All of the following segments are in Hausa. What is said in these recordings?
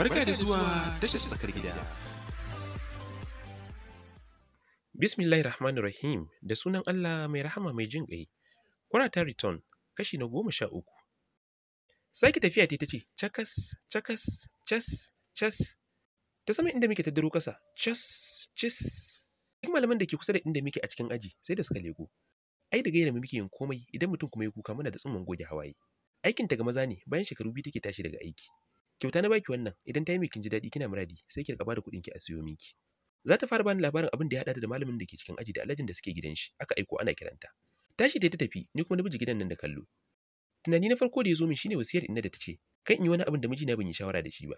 Barka da zuwa tashar tsakar gida. Bismillahir Rahmanir Rahim da sunan Allah mai rahama mai jin ƙai. Kwarata return kashi na goma sha uku. Sake tafiya ta ce cakas, cakas, cas, cas. Ta sama inda muke ta daro kasa, cas, cis. Duk malaman da ke kusa da inda muke a cikin aji sai da suka lego. Ai da gaira muke yin komai idan mutum kuma ya kuka mana da tsumin goge hawaye. Aikin ta ga maza ne bayan shekaru biyu take tashi daga aiki. kyauta na baki wannan idan ta yi miki ji daɗi kina muradi sai ki riƙa da kuɗin ki a siyo miki za ta fara bani labarin abin da ya haɗa da malamin da ke cikin aji da alajin da suke gidan shi aka aiko ana kiranta tashi ta ta tafi ni kuma na biji gidan nan da kallo tunani na farko da ya zo min shine wasiyar inna da ta ce kan in yi wani abin da mijina ban yi shawara da shi ba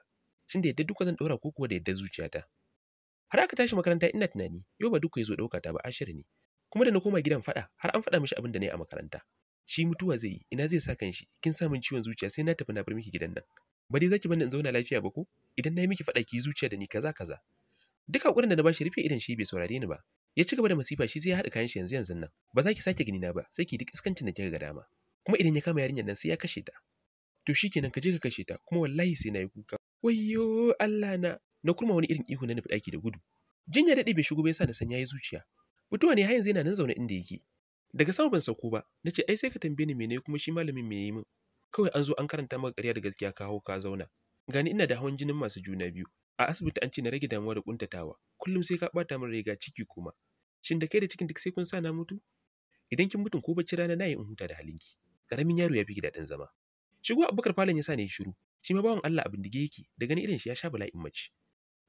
shin da yadda duka zan ɗora ko kuwa da yadda zuciyata har aka tashi makaranta ina tunani yau ba duka ya zo ɗauka ta ba ashir ne kuma da na koma gidan faɗa har an faɗa mishi abin da na yi a makaranta shi mutuwa zai yi ina zai sa kan shi kin samun ciwon zuciya sai na tafi na bar miki gidan nan ba dai zaki bani in zauna lafiya ba ko idan na miki faɗa ki zuciya da ni kaza kaza duk hakurin da na bashi rufe irin shi bai saurare ni ba ya ci gaba da masifa shi zai haɗa kayan shi yanzu yanzu nan ba za ki sake gani na ba sai ki duk iskancin da kika ga dama kuma idan ya kama yarinyar nan sai ya kashe ta to shikenan ka je ka kashe ta kuma wallahi sai na yi kuka wayyo Allah na na kurma wani irin ihu na nufi ɗaki da gudu jinya daɗe bai shigo bai sa na san yayi zuciya mutuwa ne har yanzu yana nan zaune inda yake daga sama ban sauko ba na ce ai sai ka tambaye ni mene kuma shi malamin me yi min kawai an zo an karanta maka ƙarya da gaskiya ka hau ka zauna gani ina da hawan jinin masu juna biyu a asibiti an ce na rage damuwa da kuntatawa kullum sai ka bata min riga ciki kuma shin da kai da cikin duk sai kun sa na mutu idan kin mutu ko bacci rana na yi in huta da halinki karamin yaro ya fi daɗin zama shigo abubakar falon ya sa ni shiru shi ma bawan Allah abin dige yake da gani irin shi ya sha bala'in mace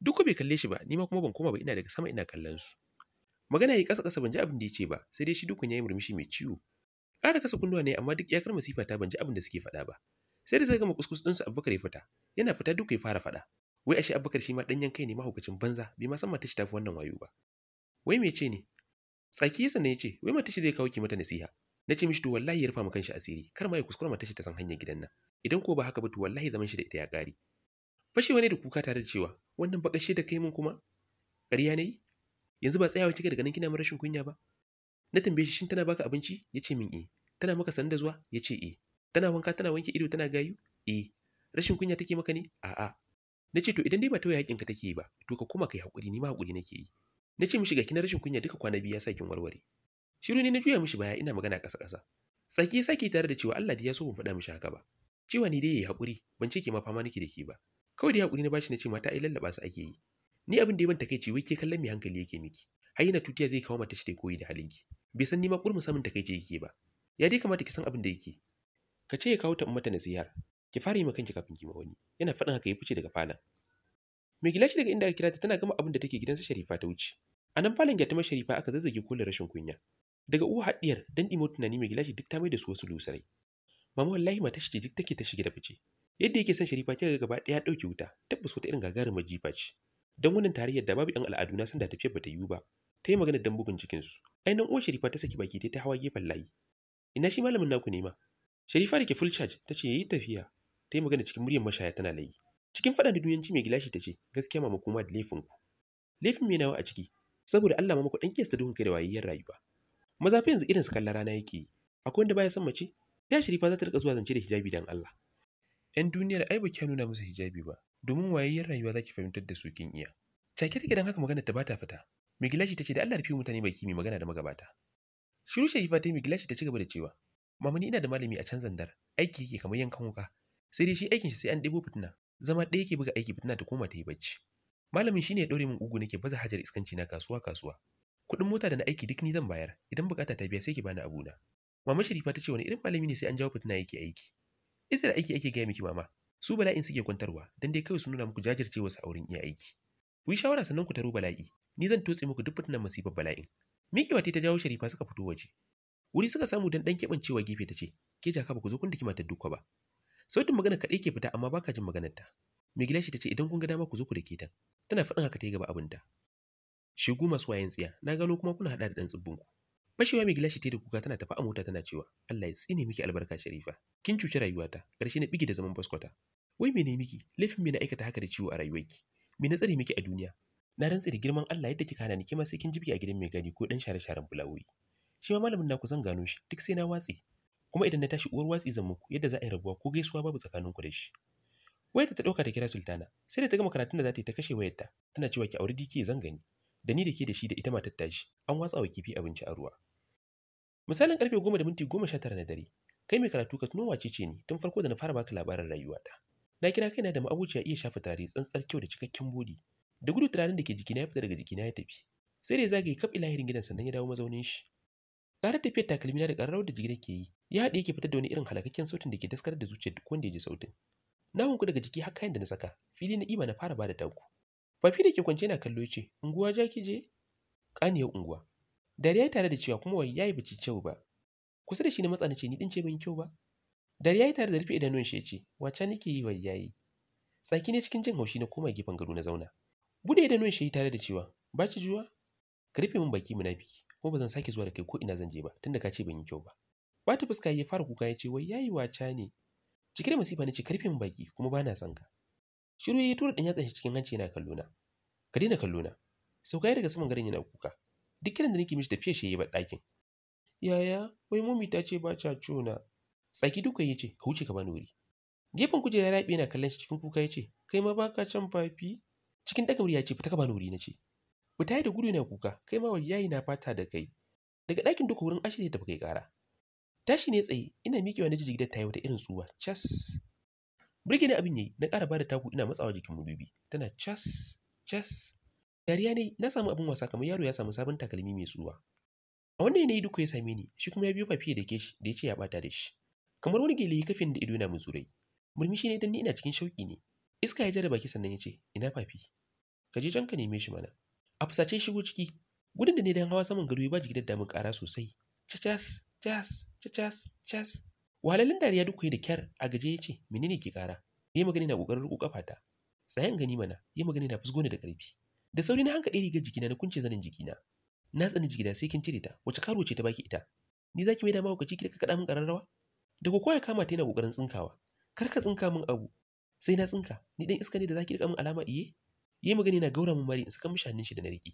duk bai kalle shi ba ni ma kuma ban koma ba ina daga sama ina kallon su magana yi kasa kasa ban ji abin da yace ba sai dai shi dukun yayi murmushi mai ciwo ƙara kasa kunnuwa ne amma duk iyakar masifa ta ban ji abin da suke faɗa ba sai da suka gama kuskus su abubakar ya fita yana fita duk ya fara faɗa wai ashe abubakar shi ma ɗanyen kai ne mahaukacin banza bai ma san matashi ta fi wannan wayo ba wai me ce ne tsaki ya sanna ya ce wai matashi zai kawo ki mata nasiha na ce mishi to wallahi ya rufa mu kanshi asiri kar ma ya kuskura matashi ta san hanyar gidan nan idan ko ba haka ba to wallahi zaman shi da ita ya ƙare fashewa ne da kuka tare da cewa wannan bakashe da kai mun kuma ƙarya ne yanzu ba tsayawa kika daga nan kina mun rashin kunya ba na tambaye shi shin tana baka abinci ya ce min eh tana maka sanda zuwa ya ce eh tana wanka tana wanke ido tana gayu e rashin kunya take maka ne a'a na ce to idan dai ba tauye ka take yi ba to ka koma kai haƙuri ni ma haƙuri nake yi na ce mishi ga kina rashin kunya duka kwana biyu ya sa kin warware shiru ne na juya mishi baya ina magana ƙasa ƙasa tsaki ya sake tare da cewa Allah da ya so ban faɗa mishi haka ba cewa ni dai yayi haƙuri ban ce ke ma fama nake da ke ba kawai dai haƙuri na bashi na ce mata ai lallaba su ake yi ni abin da ya ban ce wai ke kallon mai hankali yake miki har yana tutiya zai kawo mata shi da koyi da halinki bai san ni ma kurmin samun takaice yake ba ya dai kamata ki san abin da yake ka ce ya kawo ta mata nasihar ki fara yi kanki kafin ki ma wani yana faɗin haka ya fice daga falon mai gilashi daga inda aka kira ta tana gama abin da take gidansa sharifa ta wuce a nan falon mai sharifa aka zazzage kolin rashin kunya daga uwa haɗiyar dan ɗimo tunani mai gilashi duk ta mai da su wasu lusarai mama wallahi mata shi duk take ta shige da fice yadda yake son sharifa kika gaba ɗaya ɗauke wuta tabbas wata irin gagarumar jifa ce don wannan tarayyar da babu yan al'adu na san da tafiyar bata yiwu ba ta yi magana dan bugun cikinsu ainihin uwar sharifa ta saki baki ta hawa gefen layi ina shi malamin naku ne ma sharifa da ke full charge ta ce yayi tafiya ta yi magana cikin muryar mashaya tana layi cikin faɗa da duniyanci mai gilashi ta ce gaskiya ma kuma da laifin ku laifin mai nawa a ciki saboda Allah ma ku dan kiyasta duhun kai da wayayyar rayuwa maza fa yanzu irin su kallon rana yake akwai wanda baya son mace da sharifa za ta rika zuwa zance da hijabi dan Allah yan duniyar ai baki ki nuna musu hijabi ba domin wayayyar rayuwa zaki fahimtar da su kin iya cake take dan haka magana ta bata fita mai gilashi ta ce da Allah rufe mutane baki mai magana da magabata Shiru Sharifa ta yi migilashi ta cigaba da cewa, Mama ni ina da malami a can zandar, aiki yake kamar yankan wuka. Sai dai shi aikin shi sai an ɗebo fitina, zama ɗaya yake buga aiki fitina ta koma ta yi bacci. Malamin shi ne ya ɗaure min ugu nake baza hajar iskanci na kasuwa kasuwa. Kuɗin mota da na aiki duk ni zan bayar, idan bukata ta biya sai ki bani abuna. Mama Sharifa ta ce wani irin malami ne sai an jawo fitina yake aiki. Izar aiki ake gaya miki mama, su bala'in suke kwantarwa dan dai kawai su nuna muku jajircewa su a wurin iya aiki. Ku yi shawara sannan ku taro bala'i, ni zan totse muku duk fitinan masifar bala'in, Mikiwa ta jawo Sharifa suka fito waje. Wuri suka samu dan dan keɓancewa gefe ta ce, "Ke jaka ba ku zo kun daki matar dukwa ba." Sautin magana kaɗai ke fita amma baka jin maganar ta. Mai gilashi ta ce, "Idan kun ga dama ku zo ku dake ta." Tana faɗin haka ta yi gaba abinta. Shigu masu wayan tsiya, na gano kuma kuna hada da ɗan tsibbin ku. Fashewa mai gilashi ta da kuka tana tafa a mota tana cewa, "Allah ya tsine miki albarka Sharifa. Kin cuci rayuwata, Karshe na bigi da zaman baskwata." Wai mene miki? Laifin me na aikata haka da ciwo a rayuwarki? Me na tsare miki a duniya? Na rantsi da girman Allah yadda kika hana ni kima sai kin a gidan mai gadi ko dan share-sharen bulawoyi. Shi ma malamin na ku zan gano shi duk sai na watsi. Kuma idan na tashi uwar watsi zan muku yadda za a yi rabuwa ko gaisuwa babu ku da shi. Wai ta ɗauka ta kira Sultana, sai da ta gama karatun da za ta yi ta kashe wayarta, tana cewa ki aure dike zan gani. Da ni da ke da shi da ita matar tashi, an watsa wa kifi abinci a ruwa. Misalin karfe goma da minti goma sha tara na dare, kai mai karatu ka tuno wace ce ni tun farko da na fara baka labarin rayuwata. Na kira kaina da ma'abuciya iya shafa tare tsantsar kyau da cikakken bodi, da gudu tunanin da ke jikina ya fita daga jikina ya tafi sai da ya zagaye kaf ilahirin gidan sannan ya dawo mazaunin shi ƙarar tafiyar takalmina da ƙararrawar da jikina ke yi ya haɗe yake fitar da wani irin halakakken sautin da ke daskarar da zuciyar duk wanda ya ji sautin na hunku daga jiki har kayan da na saka fili na iba na fara bada taku fafi da ke kwance na kallo ce unguwa ja ki je ƙaniyar unguwa dariya tare da cewa kuma wai yayi bici kyau ba kusa da shi na matsa na ce ni din ce ban kyau ba dariya tare da rufe idanuwan shi ya ce wace nake yi wai yayi tsaki ne cikin jin haushi na koma gefen gado na zauna Bude idanuwan shi tare da cewa, ba ki juwa? Ka rufe min baki munafiki, kuma ba zan sake zuwa da kai ko ina zan je ba, tunda ka ce ban yi kyau ba. Bata fuska ya fara kuka ya ce wai yayi waca ne. Cike da masifa ne ce karfe min baki kuma ba na son ka. Shiru ya tura dan yatsa shi cikin hanci yana kallo na. Ka daina kallo na. Sauka ya daga saman garin yana kuka. Duk kiran da nake mishi tafiya shi ya ba ɗakin. Yaya, wai mummy ta ce ba ta cona. Tsaki duka ya ce ka wuce ka bani wuri. Gefen kujera ya rabe yana kallon shi cikin kuka ya ce kai ma baka can fafi. cikin ɗaga ya ce fita ka bani wuri na ce fita da gudu na kuka kai ma wani yayi na fata da kai daga ɗakin duka wurin ashirin da kai ƙara tashi ne tsaye ina miƙewa na jijigi da tayi wata irin suwa, cas burge na abin yayi na ƙara bada taku ina matsawa jikin mudubi tana cas cas dariya ne na samu abin wasa kamar yaro ya samu sabon takalmi mai tsuwa a wannan yanayi duka ya same ni shi kuma ya biyo fafiye da ke da ya ce ya bata da shi kamar wani gele kafin da ido na muzurai murmushi ne dan ni ina cikin shauƙi ne Iska ya jira baki sannan ya ce, "Ina fafi, ka je can ka neme shi mana." A fusace shigo ciki, gudun da ne don hawa saman gado ya ba jigidar damun ƙara sosai. Cacas, cas, cacas, cas. Wahalalin dariya duk da kyar a gaje ya ce, "Menene ke ƙara?" Ya magani na ƙoƙarin riƙo ƙafata. Tsayan gani mana, ya magani na fusgo da ƙarfi. Da sauri na hanka ɗaya rigar jikina na kunce zanin jikina. Na tsani jigida sai kin cire ta, wace karo ce ta baki ita? Ni zaki mai dama ka ciki da ka kaɗa min ƙararrawa? Da kokowa ya kama ta yana ƙoƙarin tsinkawa. Kar ka tsinka min abu, sai na tsinka ni dan iska ne da zaki rika min alama iye yi gani na gaura min mari in saka mishi hannun shi da na riƙe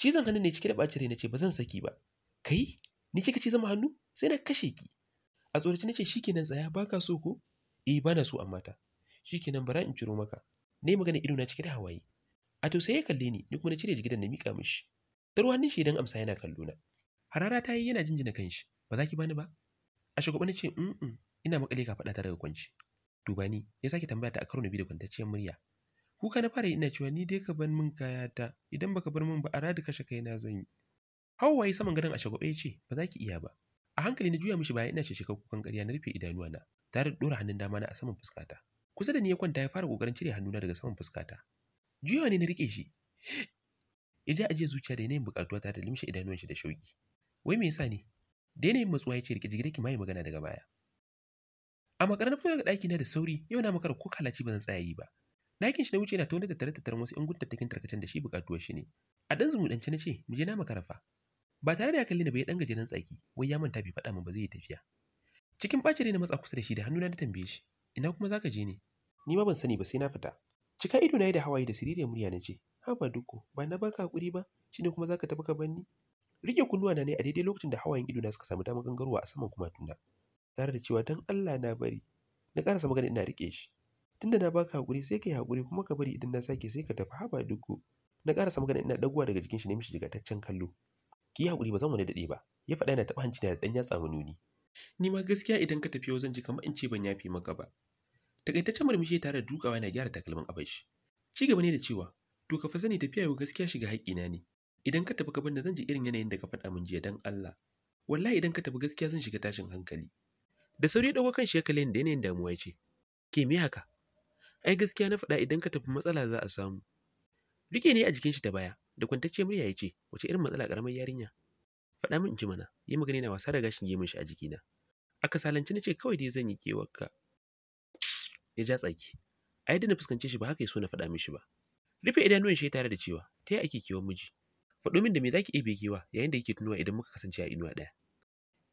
cizon hannun ne cike da ɓacin rai na ce ba zan saki ba kai ni kika ci zama hannu sai na kashe ki a tsorace nace shikenan tsaya baka so ko eh bana so amma ta shikenan bara in ciro maka ne magana ido na cike da hawaye a to sai ya kalle ni ni kuma na cire jigidan na mika mishi tar hannun shi idan amsa yana kallo na harara ta yi yana jinjina kanshi ba za ki bani ba a shugaba na ce mm ina makale ka faɗa ta daga kwanci duba ni ya sake tambaya ta a karo na biyu da kwantacciyar murya kuka na fara ina cewa ni dai ka bar min kaya ta idan baka bar min ba a radi kashe kaina zan yi hawaye saman gadon a shagwabe ya ce ba za ki iya ba a hankali na juya mishi baya ina ce shekar kukan ƙarya na rufe idanuwa na tare da ɗora hannun dama na a saman fuskata kusa da ni ya kwanta ya fara ƙoƙarin cire hannuna daga saman fuskata juyawa ne na riƙe shi ya ja ajiye zuciya da yanayin buƙatuwa tare da limshe idanuwan shi da shauƙi wai me yasa ne da yanayin matsuwa ya ce rike jigire ki mai magana daga baya A makare na da ɗaki na da sauri, yau na makara ko kalaci ba zan tsaya yi ba. Ɗakin shi na wuce na tona da tattare tattaren wasu ‘yan tattakin tarkacen da shi buƙatuwar shi ne. A ɗan zumuɗance na ce, mu je na makara fa. Ba tare da ya kalli na bai ɗan gajeren tsaki, wai ya manta bai faɗa min ba zai yi tafiya. Cikin ɓacin na matsa kusa da shi da hannuna na tambaye shi, ina kuma za ka je ne? Ni ma ban sani ba sai na fita. Cika ido na yi da hawaye da siririyar murya na ce, haba duku, ba na baka hakuri ba, shi ne kuma za ka ka banni? Rike kunnuwa na ne a daidai lokacin da hawayen ido na suka samu damar gangarowa a saman kumatuna. tare da cewa don Allah na bari na karasa magana ina rike shi tunda na baka hakuri sai kai hakuri kuma ka bari idan na sake sai ka tafi haba duku na karasa magana ina daguwa daga jikin shi ne mishi jigataccen kallo ki hakuri ba zan wani dade ba ya faɗa yana taɓa hanci na da dan yatsa nuni ni ma gaskiya idan ka tafi yau zan ji kamar in ce ban yafi maka ba takaitaccen murmushi tare da dukawa yana gyara takalmin abashi ci gaba ne da cewa to ka fa sani tafiya yau gaskiya shiga haƙƙina ne idan ka tafi ka zan ji irin yanayin da ka faɗa min jiya dan Allah wallahi idan ka tafi gaskiya zan shiga tashin hankali da sauri ya kan shekalin da yanayin damuwa ya ce ke me haka ai gaskiya na faɗa idan ka tafi matsala za a samu rike ne a jikin shi ta baya da kwantacce murya ya ce wace irin matsala karamar yarinya faɗa min in ji mana yi magana na wasa da gashin gemun shi a jikina a kasalanci na ce kawai dai zan yi ka. ya ja tsaki a yadda na fuskance shi ba haka ya so na faɗa mishi ba rufe idanuwan shi tare da cewa ta yi ake kewan miji faɗo min da me za ki iya kewa yayin da yake tunuwa idan muka kasance a inuwa ɗaya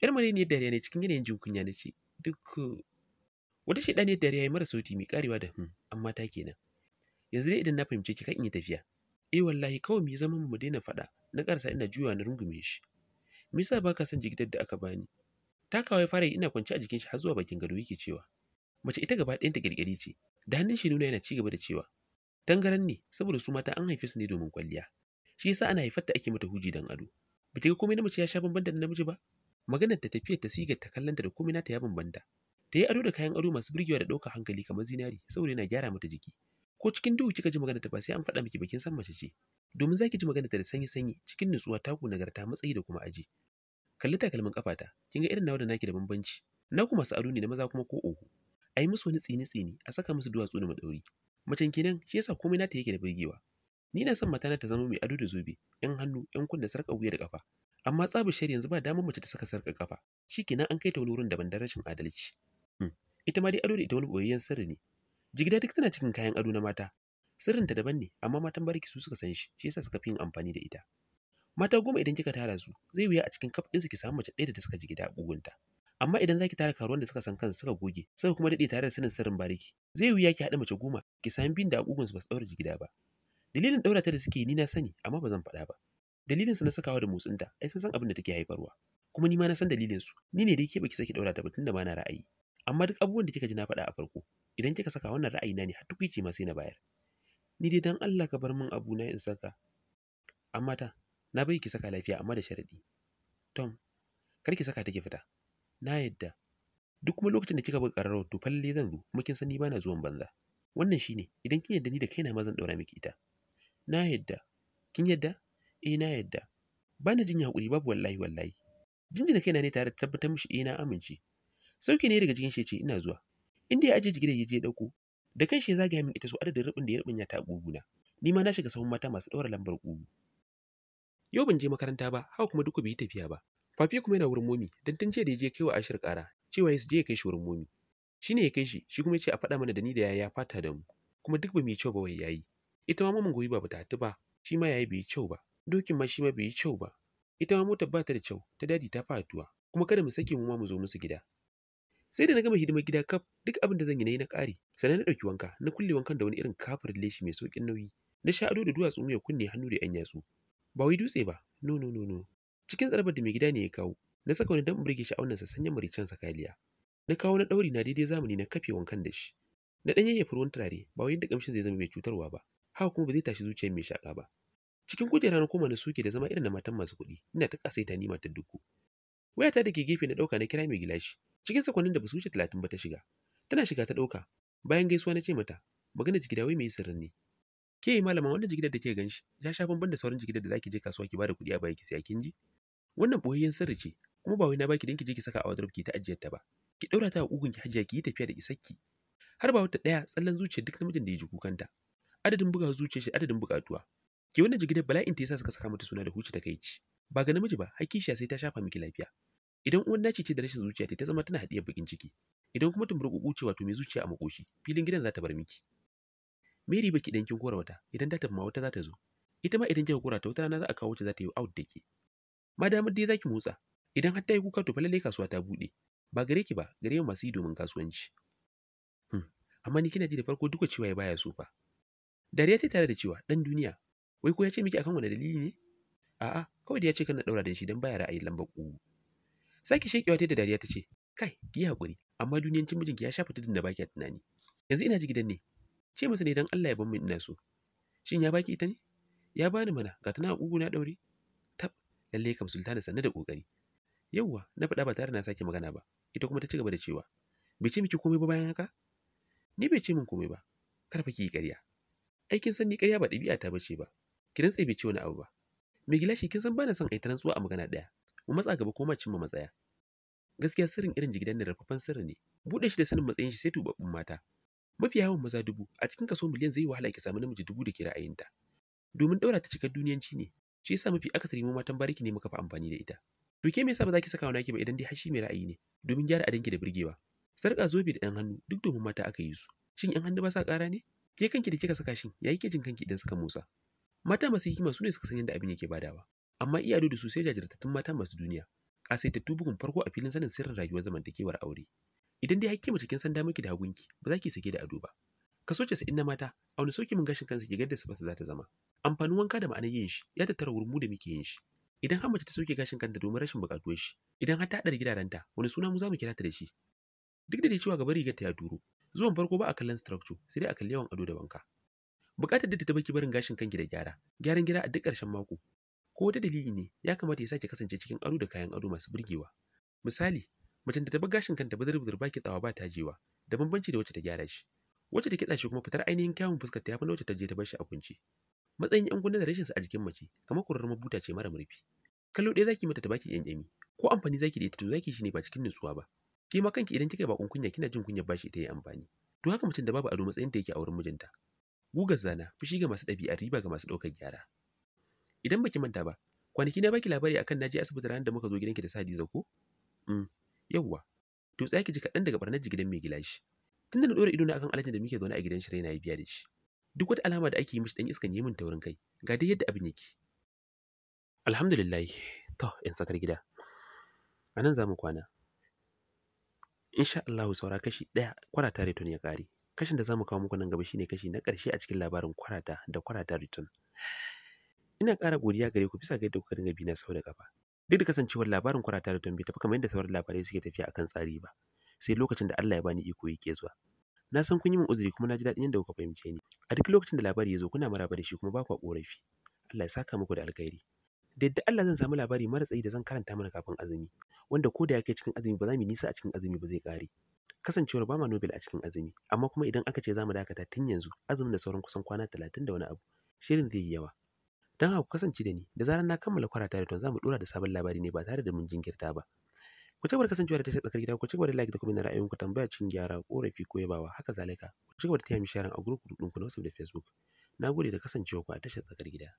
yar ne dariya ne cikin yanayin jin kunya na ce duk wata ne dariya ya mara sauti mai karewa da hmm amma ta kenan yanzu dai idan na fahimce ki kan yi tafiya eh wallahi kawai mu zama mu daina faɗa na karsa ina juyawa na rungume shi me yasa baka son jigidar da aka bani takawa ya fara yi ina kwance a jikin shi har zuwa bakin gado yake cewa mace ita gaba ɗayan ta kirkiri ce da hannun shi nuna yana ci gaba da cewa tangaran ne saboda su mata an haife su ne domin kwalliya shi yasa ana haifar da ake mata huji dan ado bata ga komai na mace ya sha bamban da namiji ba maganar ta tafiyar ta sigar ta kallanta da komai nata ya bambanta ta yi ado da kayan ado masu burgewa da ɗaukar hankali kamar zinari saboda yana gyara mata jiki ko cikin duhu kika ji maganar ta ba sai an faɗa miki bakin san mace ce domin zaki ji maganar ta da sanyi sanyi cikin nutsuwa taku nagarta matsayi da kuma aji kalli takalmin kafata kin ga irin nawa da naki da bambanci naku masu ado ne na maza kuma ko oho a yi musu wani tsini tsini a saka musu duwatsu da maɗauri macen kenan shi yasa komai nata yake da burgewa ni na son na ta zama mai ado da zobe yan hannu yan kunna sarƙa wuya da kafa amma tsabar shari yanzu ba damar mace ta saka sarƙar kafa shikenan an kai ta wani wurin daban da rashin adalci hmm. ita ma dai ado da ita wani boyayyen sirri ne jigida duk tana cikin kayan ado na mata Sirrin ta daban ne amma matan bariki su suka san shi shi yasa suka fi yin amfani da ita mata goma idan kika tara su zai wuya a cikin kaf ɗinsu ki samu mace ɗaya da ta saka jigida a ƙugunta amma idan zaki tara karuwan da suka san kansu suka goge suka kuma daɗe tare da sanin sirrin bariki zai wuya ki haɗa mace goma ki sami bin da a ƙugunsu ba su ɗaura jigida ba dalilin ɗaura ta da suke ni na sani amma ba zan faɗa ba dalilin su na sakawa da motsinta ai sun san abin da take haifarwa kuma ni ma na san su ni ne da ke baki saki daura ta batun da ma na ra'ayi amma duk abubuwan da kika ji na faɗa a farko idan kika saka wannan ra'ayi na ne har tukuici ma sai na bayar ni dai dan Allah ka bar min abu na in saka amma ta na bai ki saka lafiya amma da sharadi tom kar ki saka take fita na yadda duk kuma lokacin da kika buga kararrawar to falle zan zo kuma kin san ni bana zuwan banza wannan shine idan kin yadda ni da kaina ma zan daura miki ita na yadda kin yadda eh na yadda ba na jin hakuri babu wallahi wallahi jinjina kaina ne tare da tabbatar mishi eh na amince sauki ne daga jikin shi ce ina zuwa inda ya aje yaje ya dauko da kan ya zagaya min ita so adadin rubin da ya rubin ya ta guguna ni ma na shiga sahun mata masu daura lambar kugu yau ban je makaranta ba haka kuma duka bai tafiya ba fafi kuma yana wurin momi dan tun ce da yaje kai wa ashir kara cewa ya je ya kai shi wurin momi shine ya kai shi shi kuma ya ce a faɗa mana da ni da yaya fata da mu kuma duk ba mai kyau ba wai yayi ita ma mamin goyi ba ta hatu ba shi ma yayi bai kyau ba dokin ma shi ma bai yi kyau ba ita ma motar ba ta da kyau ta dadi ta fi kuma kada mu sake mu ma mu zo musu gida sai da na gama hidimar gida kaf duk abin da zan yi na yi na ƙari, sannan na ɗauki wanka na kulle wankan da wani irin kafirin leshi mai sauƙin nauyi na sha ado da duwatsu mai kunne hannu da yan yatsu ba wai dutse ba no no no no cikin tsarabar da mai gida ne ya kawo na saka wani dan burge shi a wannan sassanyen maricen sakaliya na kawo na ɗauri na daidai zamani na kafe wankan da shi na ɗan yayyafa ruwan turare ba wai yadda ƙamshin zai zama mai cutarwa ba haka kuma ba zai tashi zuciyar mai shaƙa ba Cikin kujera na koma na suke da zama irin na matan masu kuɗi, ina ta ita ni ta dukku. waya da ke gefe na ɗauka na kira mai gilashi, cikin sakonnin da ba su wuce talatin ba ta shiga. Tana shiga ta ɗauka, bayan gaisuwa na ce mata, magana jigida wai mai sirrin ne. Ke yi malama wannan jigidar da ke ganshi, ya sha bamban da sauran jigidar da zaki je kasuwa ki bada kuɗi a baya ki siya kin ji? Wannan boyayyen sirri ce, kuma ba wai na baki don ki je ki saka a wardrobe ki ta ajiyar ta ba. Ki ɗaura ta a ƙugun ki hajiya ki yi tafiya da isakki. Har ba wata ɗaya tsallan zuciyar duk namijin da ya ji kukanta. Adadin buga zuciyar shi adadin buƙatuwa, Ki wannan jigilar bala'in ta yasa suka saka mata suna da huci takaici. Ba ga namiji ba, har kishiya sai ta shafa miki lafiya. Idan uwan naci ce da rashin zuciya ta zama tana hadiyar bakin ciki. Idan kuma tumburƙuƙu ce wato mai zuciya a makoshi, filin gidan za ta bar miki. Mary baki dan kin kora wata, idan ta tafi ma wata za ta zo. Ita ma idan kika kora ta wata rana za a kawo wacce za ta yi out da ke. Madamar dai zaki motsa, idan har ta yi kuka to fa kasuwa ta buɗe. Ba gare ki ba, gare masu yi domin kasuwanci. Hmm, amma ni kina ji da farko duka cewa ya baya so fa. Dariya ta tare da cewa dan duniya wai ko ya ce miki akan wani dalili ne a'a kawai da ya ce kana daura da shi dan baya ra'ayin lambar ku saki shi ta da dariya ta ce kai ki hakuri amma duniyancin mijinki ya shafa tudun da baki tunani yanzu ina ji gidan ne ce masa ne dan Allah ya bar mu ina so shin ya baki ita ne ya bani mana ga tana ugu na daure tab lalle kam sultana sanna da kokari yawwa na faɗa ba tare na sake magana ba ita kuma ta ci gaba da cewa bai ce miki komai ba bayan haka ni bai ce min komai ba kar ki ƙarya aikin san ni ba ɗabi'a ta bace ba ki rantse bai ce wani abu ba mai gilashi kin san bana son a yi ta rantsuwa a magana ɗaya mu matsa gaba ko cimma matsaya gaskiya sirrin irin jigidan da rafaffan sirri ne buɗe shi da sanin matsayin shi sai tubabbun mata mafi yawan maza dubu a cikin kaso miliyan zai yi wahala ki samu namiji dubu da ke ra'ayinta domin ɗaura ta cikar duniyanci ne shi yasa mafi akasari mu matan bariki ne muka fi amfani da ita to ke me sa ba za ki saka wa naki ba idan dai hashi mai ra'ayi ne domin gyara adanki da birgewa. sarƙa zobe da ɗan hannu duk domin mata aka yi su shin 'yan hannu ba sa ƙara ne ke kanki da kika saka shin yayi ke jin kanki idan suka motsa Mata masu hikima su ne suka san yadda abin yake badawa, amma iya da su sai jajirtattun mata masu duniya. Ƙasaitattu bugun farko a filin sanin sirrin rayuwar zamantakewar aure. Idan dai hakke mace kin san damar ki da hagunki, ba za ki sake da ado ba. Kaso casa'in na mata, a wani sauki mun gashin kansa ki gadda fasa za ta zama. Amfanin wanka da ma'anar yin shi ya tattara wurin mu da muke yin shi. Idan har mace ta sauke gashin kanta domin rashin buƙatuwar shi, idan har ta haɗa gidaranta wani suna mu za mu kira ta da shi. Duk da dai cewa gaba rigar ta ya turo, zuwan farko ba a kallon structure sai dai a kalli yawan ado da wanka. buƙatar da ta baki barin gashin kanki da gyara gyaran gida a duk ƙarshen mako ko wata dalili ne ya kamata ya sake kasance cikin ado da kayan ado masu burgewa misali mutum da ta bar gashin kanta ba zurbi zurba tsawa ba tajewa da bambanci da wacce ta gyara shi wacce ta kitsa shi kuma fitar ainihin kyawun fuskar ta yafi na wacce ta je ta bar shi a kunci matsayin yan gunda da rashin sa a jikin mace kamar kurar mabuta ce mara murfi kallo ɗaya zaki mata ta baki yan ko amfani zaki da ita to zaki shi ne ba cikin nutsuwa ba ke ma kanki idan kika ba kunya kina jin kunya bashi ita yi amfani to haka mutum da babu ado matsayin ta yake a wurin mijinta gugar zana fushi ga masu ɗabi'a riba ga masu ɗaukar gyara idan baki manta ba kwanaki na baki labari akan naje asibiti ranar da muka zo gidanki da Sadiza ko mm yawwa to tsaya ki ji kaɗan daga barnar gidan mai gilashi tunda na ɗora ido na akan alajin da muke zaune a gidan shi raina ya biya da shi duk wata alama da ake yi mishi dan iskan yemin taurin kai ga dai yadda abin yake alhamdulillah to in sakar gida anan zamu kwana insha Allah saura kashi ɗaya kwara tare tun ya ƙare Kashin da za mu kawo muku nan gaba shine kashi na ƙarshe a cikin labarin kwarata da kwarata return. Ina ƙara godiya gare ku bisa ga yadda kuka dinga bina sau da gaba. Duk da kasancewar labarin kwarata return bai tafi kamar yadda sauran labarai suke tafiya akan tsari ba. Sai lokacin da Allah ya bani iko yake zuwa. Na san kun yi min uzuri kuma na ji daɗin yadda kuka fahimce ni. A duk lokacin da labari ya zo kuna maraba da shi kuma ba ku ƙorafi. Allah ya saka muku da alkhairi. da yadda Allah zan samu labari mara tsayi da zan karanta mana kafin azumi wanda ko da yake cikin azumi ba za mu nisa a cikin azumi ba zai kare kasancewar ba ma Nobel a cikin azumi amma kuma idan aka ce za mu dakata tun yanzu azumin da sauran kusan kwana talatin da wani abu shirin zai yi yawa don haka ku kasance da ni da zarar na kammala kwarata da ton za mu dora da sabon labari ne ba tare da mun jinkirta ba ku ci gaba da kasancewa da tashar tsakar gida ku ci gaba da like da kuma ra'ayoyinku tambaya cin gyara korafi ko yabawa haka zalika ku ci gaba da taya mi sharing a group ɗinku na WhatsApp da Facebook na gode da kasancewa ku a tashar tsakar gida